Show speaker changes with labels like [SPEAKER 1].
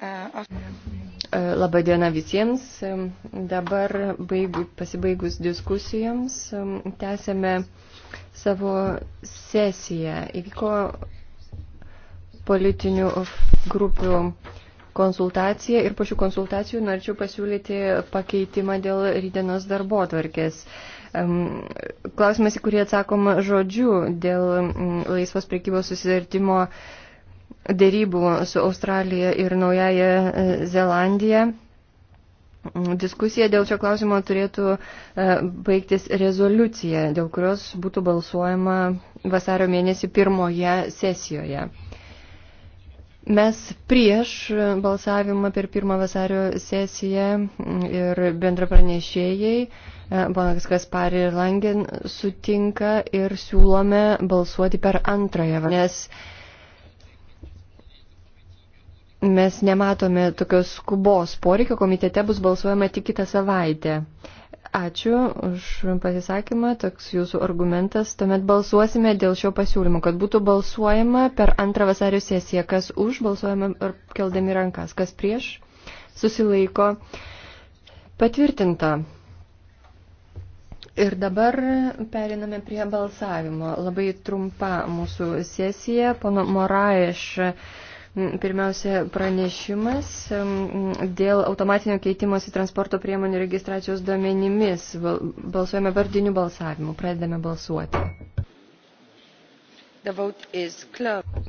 [SPEAKER 1] E, Labą dieną visiems. E, dabar baigu, pasibaigus diskusijoms e, tęsėme savo sesiją. Įvyko politinių grupių konsultacija ir po šių konsultacijų norėčiau pasiūlyti pakeitimą dėl rydienos darbo atvarkės. Klausimas, į kurį atsakom žodžiu dėl laisvos priekybos susirtimo dėrybų su Australija ir Naujaja Zelandija. Diskusija dėl šio klausimo turėtų e, baigtis rezoliucija, dėl kurios būtų balsuojama vasario mėnesį pirmoje sesijoje. Mes prieš balsavimą per pirmą vasario sesiją ir bendrapranešėjai, e, ponas Kaspari ir Langen, sutinka ir siūlome balsuoti per antrąją, nes mes nematome tokios skubos poreikio, komitete bus balsuojama tik kitą savaitę. Ačiū už pasisakymą, toks jūsų argumentas. Tuomet balsuosime dėl šio pasiūlymo, kad būtų balsuojama per antrą vasario sesiją, kas už, balsuojama ir keldami rankas, kas prieš, susilaiko. Patvirtinta. Ir dabar periname prie balsavimo. Labai trumpa mūsų sesija. Pono Moraeš Mm, pirmiausia, pranešimas mm, dėl automatinio keitimosi transporto priemonių registracijos duomenimis. Balsuojame vardiniu balsavimu. Pradedame balsuoti.